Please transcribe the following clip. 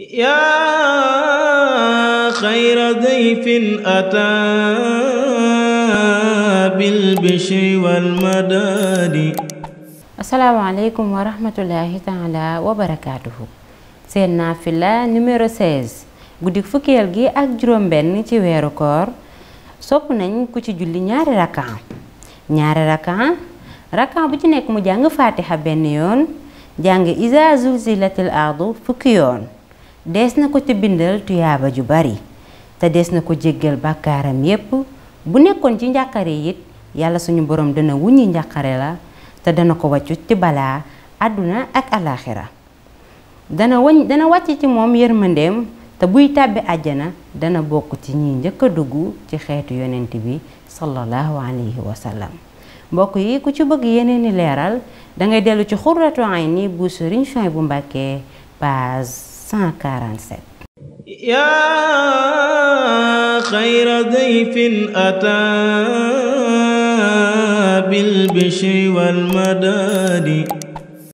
yaa xayra dayfin ataa bil bishri wal madaadi asalaamaaleykum wa rahmatullahi taala wa barakaatuhu seen naafila numéro 16 guddi fukkeel gi ak juróom-benn ci weeru koor sopp nañ ku ci julli ñaari rakkan ñaari rakkan rakkan bu ci nekk mu jàng faatiha benn yoon jàng iza zulzilatil ardu fukki yoon dees na ko ca bindal tuyaaba ju bari te des na ko jéggal bàkkaaram yépp bu nekkoon ci njàqare it yàlla suñu boroom dana wuññi njàqare la te dana ko wàccu ci balaa àdduna ak alaaxira dana wañ dana ci moom yërmandeem te buy tàbbi àjjana dana bokk ci ñi njëkk dugg ci xeetu yonent bi sallallahu alayhi wa sallam mbokk yi ku ci bëgg yeneen leeral da dellu ci xurratu ayni bu Sëriñ Suhaybu bu Mbàkke page 147 yaa xayra dayfin ataa bil bishri wal madadi